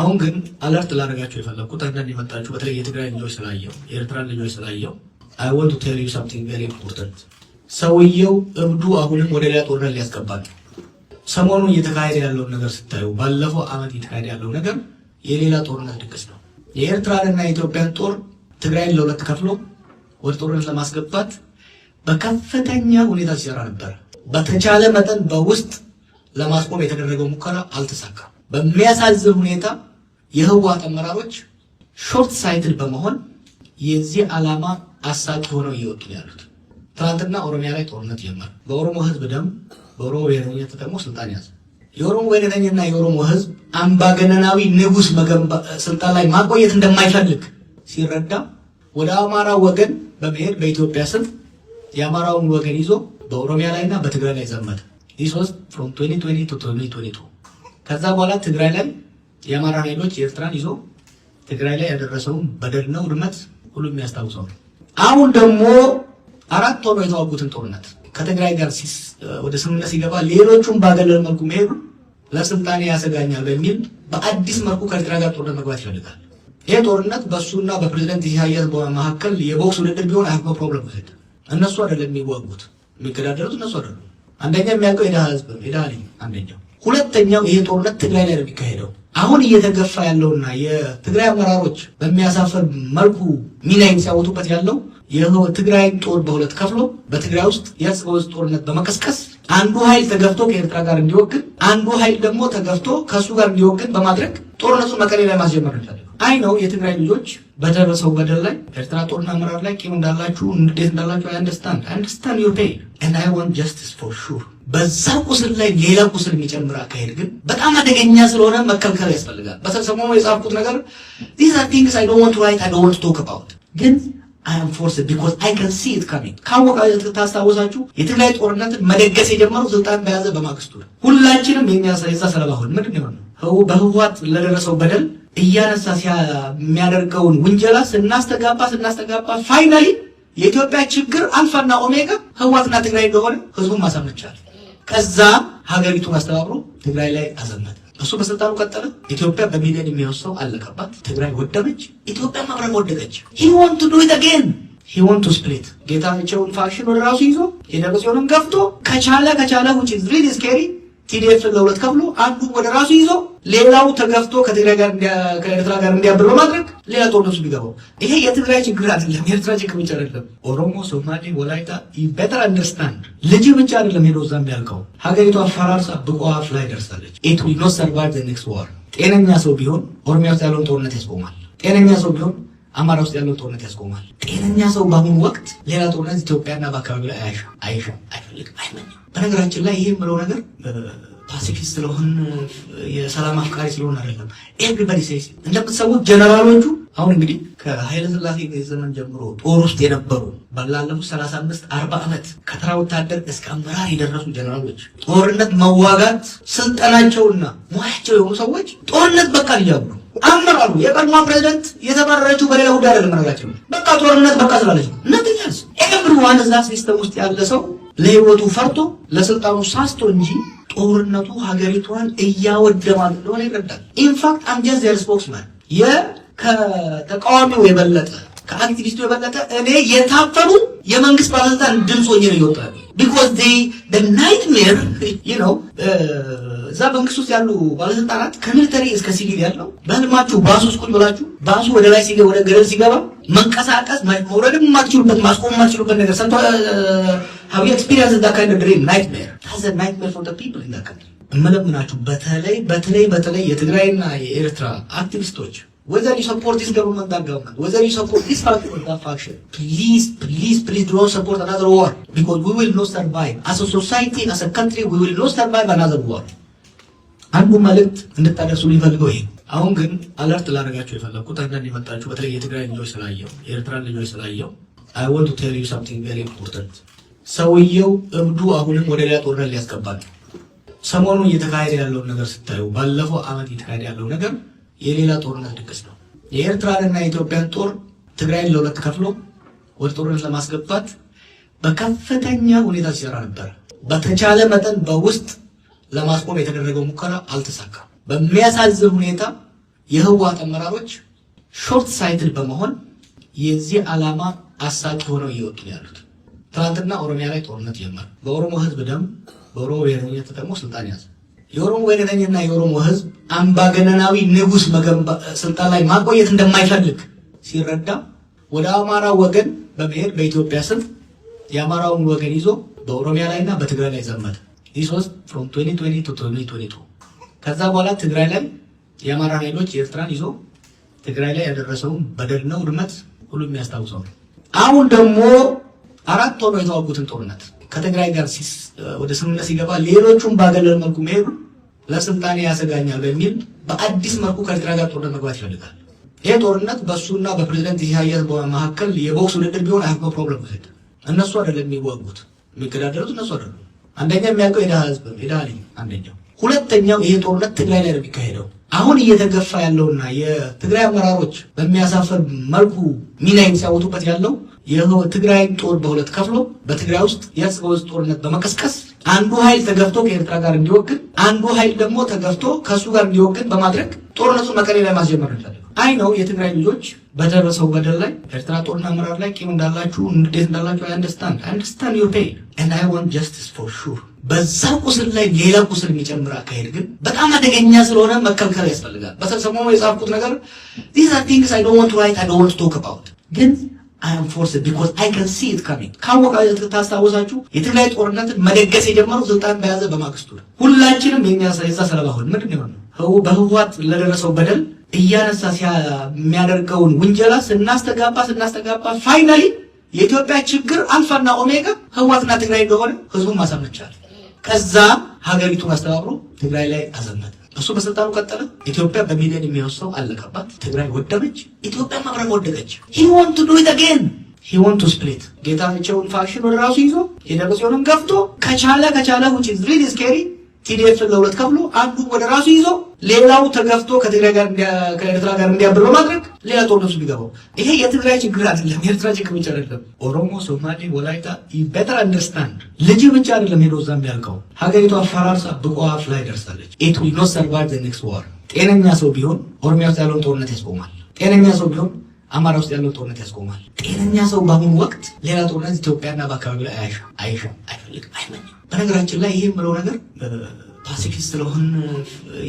አሁን ግን አለርት ላደርጋችሁ የፈለግኩት አንዳንድ የመጣችሁ በተለይ የትግራይ ልጆች ስላየው የኤርትራን ልጆች ስላየው አይ ወንት ቱ ቴል ዩ ሳምቲንግ ቬሪ ኢምፖርታንት። ሰውየው እብዱ አሁንም ወደ ሌላ ጦርነት ሊያስገባችሁ። ሰሞኑን እየተካሄደ ያለውን ነገር ስታዩ፣ ባለፈው ዓመት እየተካሄደ ያለው ነገር የሌላ ጦርነት ድግስ ነው። የኤርትራንና የኢትዮጵያን ጦር ትግራይን ለሁለት ከፍሎ ወደ ጦርነት ለማስገባት በከፍተኛ ሁኔታ ሲሰራ ነበር። በተቻለ መጠን በውስጥ ለማስቆም የተደረገው ሙከራ አልተሳካም። በሚያሳዝን ሁኔታ የህወሓት አመራሮች ሾርት ሳይትድ በመሆን የዚህ ዓላማ አሳቂ ሆነው እየወጡ ያሉት። ትናንትና ኦሮሚያ ላይ ጦርነት ጀመር። በኦሮሞ ህዝብ ደም፣ በኦሮሞ ብሔረተኝነት ተጠቅሞ ስልጣን ያዘ። የኦሮሞ ብሔረተኝና የኦሮሞ ህዝብ አምባገነናዊ ንጉስ ስልጣን ላይ ማቆየት እንደማይፈልግ ሲረዳ ወደ አማራ ወገን በመሄድ በኢትዮጵያ ስም የአማራውን ወገን ይዞ በኦሮሚያ ላይና በትግራይ ላይ ዘመተ። ዲስ ዋዝ ፍሮም 2020 ቱ 2022 ከዛ በኋላ ትግራይ ላይ የአማራ ኃይሎች ኤርትራን ይዞ ትግራይ ላይ ያደረሰውን በደልና ውድመት ሁሉም ያስታውሰዋል። አሁን ደግሞ አራት ወር የተዋጉትን ጦርነት ከትግራይ ጋር ወደ ስምምነት ሲገባ ሌሎቹን ባገለል መልኩ መሄዱ ለስልጣኔ ያሰጋኛል በሚል በአዲስ መልኩ ከኤርትራ ጋር ጦርነት መግባት ይፈልጋል። ይህ ጦርነት በእሱና በፕሬዚደንት ኢሳያስ መካከል የቦክስ ውድድር ቢሆን አህመ ፕሮብለም ውስድ እነሱ አደለ የሚዋጉት የሚገዳደሩት እነሱ አደሉ። አንደኛ የሚያውቀው የድሃ ህዝብ ነው። የድሃ ልጅ አንደኛው ሁለተኛው ይሄ ጦርነት ትግራይ ላይ ነው የሚካሄደው። አሁን እየተገፋ ያለውና የትግራይ አመራሮች በሚያሳፍር መልኩ ሚና የሚጫወቱበት ያለው የትግራይን ጦር በሁለት ከፍሎ በትግራይ ውስጥ የእርስ በርስ ጦርነት በመቀስቀስ አንዱ ኃይል ተገፍቶ ከኤርትራ ጋር እንዲወግን፣ አንዱ ኃይል ደግሞ ተገፍቶ ከእሱ ጋር እንዲወግን በማድረግ ጦርነቱን መቀሌ ላይ ማስጀመር ነው። አይ ነው የትግራይ ልጆች በደረሰው በደል ላይ ኤርትራ ጦርና አመራር ላይ ቂም እንዳላችሁ እንዴት እንዳላችሁ አንደርስታንድ አንደርስታንድ ዩር ፔን ኤንድ አይ ዋንት ጀስቲስ ፎር ሹር። በዛ ቁስል ላይ ሌላ ቁስል የሚጨምር አካሄድ ግን በጣም አደገኛ ስለሆነ መከልከል ያስፈልጋል። በሰሞኑ የጻፍኩት ነገር ዚዝ አር ቲንግስ አይ ዶንት ዋንት ቱ ራይት አይ ዶንት ዋንት ቶክ አባውት ግን አም ፎርስድ ቢኮዝ አይ ካን ሲ ኢት ካሚንግ። ካወቃችሁ ታስታውሳችሁ የትግራይ ጦርነትን መደገስ የጀመረው ስልጣን በያዘ በማግስቱ ሁላችንም የዛ ሰለባ ሆን ምንድን ነው በህወሓት ለደረሰው በደል እያነሳ የሚያደርገውን ውንጀላ ስናስተጋባ ስናስተጋባ ፋይናሊ የኢትዮጵያ ችግር አልፋና ኦሜጋ ህዋትና ትግራይ እንደሆነ ህዝቡን ማሳመን ከዛ ሀገሪቱን አስተባብሮ ትግራይ ላይ አዘመተ። እሱ በስልጣኑ ቀጠለ። ኢትዮጵያ በሚሊዮን የሚወስደው አለቀባት። ትግራይ ወደመች፣ ኢትዮጵያ ማብረን ወደቀች። ሂወንቱ ዱ ተጌን ሂወንቱ ስፕሊት ጌታቸውን ፋሽን ወደ ራሱ ይዞ የደረሰውንም ገፍቶ ከቻለ ከቻለ ውጭ ሪል ስኬሪ ቲዲኤፍ ለሁለት ከፍሎ አንዱ ወደ ራሱ ይዞ ሌላው ተገፍቶ ከትግራይ ጋር ከኤርትራ ጋር እንዲያብር በማድረግ ሌላ ጦርነቱ ቢገባው ይሄ የትግራይ ችግር አይደለም፣ የኤርትራ ችግር ብቻ አይደለም። ኦሮሞ፣ ሶማሌ፣ ወላይታ ቤተር አንደርስታንድ ልጅ ብቻ አይደለም ሄዶ እዛ የሚያልቀው ሀገሪቱ አፈራርሳ ብቋፍ ላይ ደርሳለች። ኢት ዊል ኖት ሰርቫይቭ ዘ ኔክስት ዋር። ጤነኛ ሰው ቢሆን ኦሮሚያ ውስጥ ያለውን ጦርነት ያስቆማል። ጤነኛ ሰው ቢሆን አማራ ውስጥ ያለውን ጦርነት ያስቆማል። ጤነኛ ሰው በአሁኑ ወቅት ሌላ ጦርነት ኢትዮጵያና በአካባቢ ላይ አይሻ አይፈልግም፣ አይመኝም። በነገራችን ላይ ይሄ የምለው ነገር ፓሲፊስት ስለሆን የሰላም አፍቃሪ ስለሆን አይደለም። ኤቭሪባዲ ሴይስ እንደምትሰሙት ጀነራሎቹ አሁን እንግዲህ ከኃይለ ስላሴ ዘመን ጀምሮ ጦር ውስጥ የነበሩ ባላለፉት ሰላሳ አምስት አርባ ዓመት ከተራ ወታደር እስከ አመራር የደረሱ ጀነራሎች ጦርነት መዋጋት ስልጠናቸውና ሙያቸው የሆኑ ሰዎች ጦርነት በቃ ልያሉ ነው አመራሩ የቀድሞ ፕሬዚደንት የተባረረችው በሌላ ጉዳይ አይደለም። መረጋቸው በቃ ጦርነት በቃ ስላለች ነው። እነትኛ ኤቭሪዋን እዛ ሲስተም ውስጥ ያለ ሰው ለህይወቱ ፈርቶ ለስልጣኑ ሳስቶ እንጂ ጦርነቱ ሀገሪቷን እያወደማት እንደሆነ ይረዳል። ኢንፋክት አምጀስ ዘር ስፖክስማን ከተቃዋሚው የበለጠ ከአክቲቪስቱ የበለጠ እኔ የታፈኑ የመንግስት ባለስልጣን ድምፅ ሆኜ ነው እየወጣ ቢኮዝ ደ ናይትሜር ነው። እዛ መንግስት ውስጥ ያሉ ባለስልጣናት ከሚሊተሪ እስከ ሲቪል ያለው በህልማችሁ ባሱ ውስጥ ቁጭ ብላችሁ ባሱ ወደ ላይ ወደ ገደል ሲገባ መንቀሳቀስ መውረድም የማትችሉበት ማስቆም የማትችሉበት ነገር ሰምቶ ሀዊ ኤክስፒሪንስ ዳ ካይንድ ድሪም ናይትሜር ናይትሜር ፎር ፒፕል ኢን ካንትሪ እመለምናችሁ በተለይ በተለይ በተለይ የትግራይና የኤርትራ አክቲቪስቶች ወዘን ዩ ሰፖርት ዲስ ገቨርንመንት አንድ ገቨርንመንት ወዘን ዩ ሰፖርት ፓርቲኩላር ፋክሽን ፕሊዝ ፕሊዝ ፕሊዝ ዶ ሰፖርት አናዘር ዋር ቢኮዝ ዊ ዊል ሰርቫይቭ አስ ሶሳይቲ አስ ካንትሪ ዊ ዊል ሰርቫይቭ አናዘር ዋር አንዱ መልእክት እንድታደርሱ ሊፈልገው ይሄ አሁን ግን አለርት ላደርጋቸው የፈለግኩት አንዳንድ የመጣችሁ በተለይ የትግራይ ልጆች ስላየው የኤርትራን ልጆች ስላየው አይ ወንት ቴል ዩ ሳምቲንግ ቬሪ ኢምፖርታንት። ሰውየው እብዱ አሁንም ወደ ሌላ ጦርነት ሊያስገባ ነው። ሰሞኑ እየተካሄደ ያለውን ነገር ስታዩ፣ ባለፈው ዓመት እየተካሄደ ያለው ነገር የሌላ ጦርነት ድግስ ነው። የኤርትራንና የኢትዮጵያን ጦር ትግራይን ለሁለት ከፍሎ ወደ ጦርነት ለማስገባት በከፍተኛ ሁኔታ ሲሰራ ነበር። በተቻለ መጠን በውስጥ ለማስቆም የተደረገው ሙከራ አልተሳካም። በሚያሳዝን ሁኔታ የህወሓት አመራሮች ሾርት ሳይትድ በመሆን የዚህ ዓላማ አሳቢ ሆነው እየወጡ ያሉት። ትናንትና ኦሮሚያ ላይ ጦርነት ጀመር። በኦሮሞ ህዝብ ደም፣ በኦሮሞ ብሔረተኝነት ተጠቅሞ ስልጣን ያዘ። የኦሮሞ ብሔረተኝና የኦሮሞ ህዝብ አምባገነናዊ ንጉስ ስልጣን ላይ ማቆየት እንደማይፈልግ ሲረዳ ወደ አማራ ወገን በመሄድ በኢትዮጵያ ስም የአማራውን ወገን ይዞ በኦሮሚያ ላይና በትግራይ ላይ ዘመተ። ይህ ሶስት ፍሮም 2020 ቱ 2022 ከዛ በኋላ ትግራይ ላይ የአማራ ኃይሎች ኤርትራን ይዞ ትግራይ ላይ ያደረሰውን በደል ነው ውድመት ሁሉም ያስታውሰዋል። አሁን ደግሞ አራት ሆኖ የተዋጉትን ጦርነት ከትግራይ ጋር ወደ ስምምነት ሲገባ ሌሎቹን ባገለል መልኩ መሄዱ ለስልጣኔ ያሰጋኛል በሚል በአዲስ መልኩ ከኤርትራ ጋር ጦርነት መግባት ይፈልጋል። ይህ ጦርነት በእሱና በፕሬዚደንት ኢሳያስ መካከል የቦክስ ውድድር ቢሆን አህኮ ፕሮብለም ውህድ እነሱ አይደለም የሚዋጉት የሚገዳደሩት እነሱ አይደለም። አንደኛ የሚያውቀው የድሃ ህዝብ የድሃ ልኝ አንደኛው። ሁለተኛው ይሄ ጦርነት ትግራይ ላይ ነው የሚካሄደው። አሁን እየተገፋ ያለውና የትግራይ አመራሮች በሚያሳፈር መልኩ ሚና የሚጫወቱበት ያለው የትግራይን ጦር በሁለት ከፍሎ በትግራይ ውስጥ የእርስ በርስ ጦርነት በመቀስቀስ አንዱ ኃይል ተገፍቶ ከኤርትራ ጋር እንዲወግን፣ አንዱ ኃይል ደግሞ ተገፍቶ ከእሱ ጋር እንዲወግን በማድረግ ጦርነቱን መቀሌ ላይ ማስጀመር ይላል። አይ ነው የትግራይ ልጆች በደረሰው በደል ላይ ኤርትራ ጦርና አመራር ላይ ቂም እንዳላችሁ እንዴት እንዳላችሁ አንደርስታንድ አንደርስታንድ ዩፔ ኤንድ አይ ዋንት ጀስቲስ ፎር ሹር በዛ ቁስል ላይ ሌላ ቁስል የሚጨምር አካሄድ ግን በጣም አደገኛ ስለሆነ መከልከል ያስፈልጋል። በሰሰሞ የጻፍኩት ነገር ዚስ አር ቲንግስ አይ ዶንት ዋንት ቱ ራይት አይ ዶንት ዋንት ቱ ቶክ አባውት ግን አይ አም ፎርስ ቢኮዝ አይ ካን ሲ ኢት ካሚንግ። ካወቃ ታስታውሳችሁ የትግራይ ጦርነትን መደገስ የጀመረው ስልጣን በያዘ በማግስቱ ነው። ሁላችንም የኛ የዛ ሰለባ ሆን ምንድን የሆነ በህወሓት ለደረሰው በደል እያነሳ የሚያደርገውን ውንጀላ ስናስተጋባ ስናስተጋባ ፋይናሊ የኢትዮጵያ ችግር አልፋና ኦሜጋ ህወሓትና ትግራይ እንደሆነ ህዝቡን ማሳመቻል ከዛ ሀገሪቱ አስተባብሮ ትግራይ ላይ አዘመተ። እሱ በስልጣኑ ቀጠለ። ኢትዮጵያ በሚሊዮን የሚወስደው አለቀባት። ትግራይ ወደመች፣ ኢትዮጵያ አብራ ወደቀች። ሂወንቱ ዱ ኢት አጌን ሂወን ስፕሊት። ጌታቸውን ፋሽን ወደ ራሱ ይዞ የደብረጽዮንን ገፍቶ ከቻለ ከቻለ ውጭ ሪል ስኬሪ ቲዲኤፍን ለሁለት ከፍሎ አንዱ ወደ ራሱ ይዞ ሌላው ተገፍቶ ከትግራይ ጋር ከኤርትራ ጋር እንዲያብር በማድረግ ሌላ ጦርነት ቢገባው ይሄ የትግራይ ችግር አይደለም፣ የኤርትራ ችግር ብቻ አይደለም። ኦሮሞ፣ ሶማሌ፣ ወላይታ ቤተር አንደርስታንድ ልጅ ብቻ አይደለም ሄዶ እዛ የሚያልቀው ሀገሪቷ አፈራርሳ ብቋፍ ላይ ደርሳለች። ኢት ዊል ኖት ሰርቫይቭ ዘ ኔክስት ዋር። ጤነኛ ሰው ቢሆን ኦሮሚያ ውስጥ ያለውን ጦርነት ያስቆማል። ጤነኛ ሰው ቢሆን አማራ ውስጥ ያለውን ጦርነት ያስቆማል። ጤነኛ ሰው በአሁኑ ወቅት ሌላ ጦርነት ኢትዮጵያና በአካባቢ ላይ አይሻ አይሻ አይፈልግም አይመኝም። በነገራችን ላይ ይህ የምለው ነገር ፓሲፊስት ስለሆን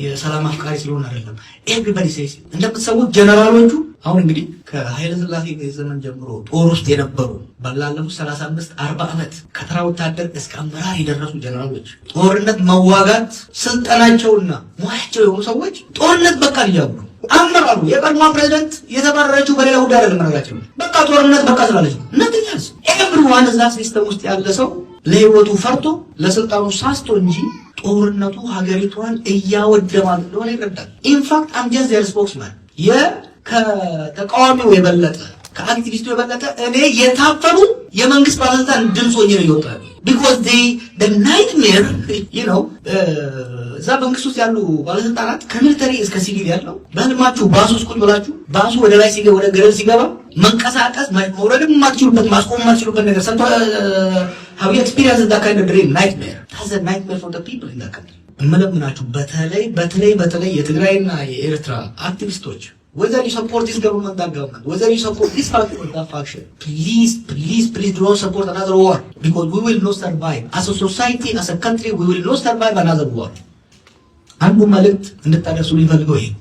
የሰላም አፍቃሪ ስለሆን አይደለም። ኤቭሪባዲ ሴስ እንደምትሰሙት ጀነራሎቹ አሁን እንግዲህ ከኃይለ ሥላሴ ዘመን ጀምሮ ጦር ውስጥ የነበሩ ባላለፉት 35 40 አርባ ዓመት ከተራ ወታደር እስከ አመራር የደረሱ ጀነራሎች ጦርነት መዋጋት ስልጠናቸውና ሙያቸው የሆኑ ሰዎች ጦርነት በቃ ልያሉ አመራሩ የቀድሞ ፕሬዚደንት የተመረረችው በሌላ ጉዳይ አይደለም። በቃ ጦርነት በቃ ስላለች ነው። ነትኛስ ኤቭሪዋን እዛ ሲስተም ውስጥ ያለ ሰው ለህይወቱ ፈርቶ ለስልጣኑ ሳስቶ እንጂ ጦርነቱ ሀገሪቷን እያወደማል እንደሆነ ይረዳል። ኢንፋክት አምጀስ የርስፖክስማን ከተቃዋሚው የበለጠ ከአክቲቪስቱ የበለጠ እኔ የታፈኑ የመንግስት ባለስልጣን ድምፅ ሆኜ ነው ይወጣል። ቢኮዝ ደ ናይትሜር ነው። እዛ መንግስት ውስጥ ያሉ ባለስልጣናት ከሚሊተሪ እስከ ሲቪል ያለው በህልማችሁ ባሱ ውስጥ ቁጭ ብላችሁ ባሱ ወደ ላይ ወደ ገደል ሲገባ መንቀሳቀስ መውረድም የማትችሉበት ማስቆም የማትችሉበት ነገር ሰምቶ ሀው ኤክስፒሪንስ ዳ ካይንድ ድሪም ናይትሜር ታዘ ናይትሜር ፎር ፒፕል ኢን ካንትሪ። እምለምናችሁ በተለይ በተለይ በተለይ የትግራይና የኤርትራ አክቲቪስቶች ወዘር ዩ ሰፖርት ዲስ ገቨርንመንት ዳት ገቨርንመንት ወዘር ዩ ሰፖርት ዲስ ፓርቲ ኦር ዳት ፋክሽን ፕሊዝ ፕሊዝ ፕሊዝ ዶንት ሰፖርት አናዘር ዋር ቢኮዝ ዊ ዊል ኖት ሰርቫይቭ አስ አ ሶሳይቲ አስ አ ካንትሪ ዊ ዊል ኖት ሰርቫይቭ አናዘር ዋር። አንዱ መልእክት እንድታደርሱ ሊፈልገው ይሄ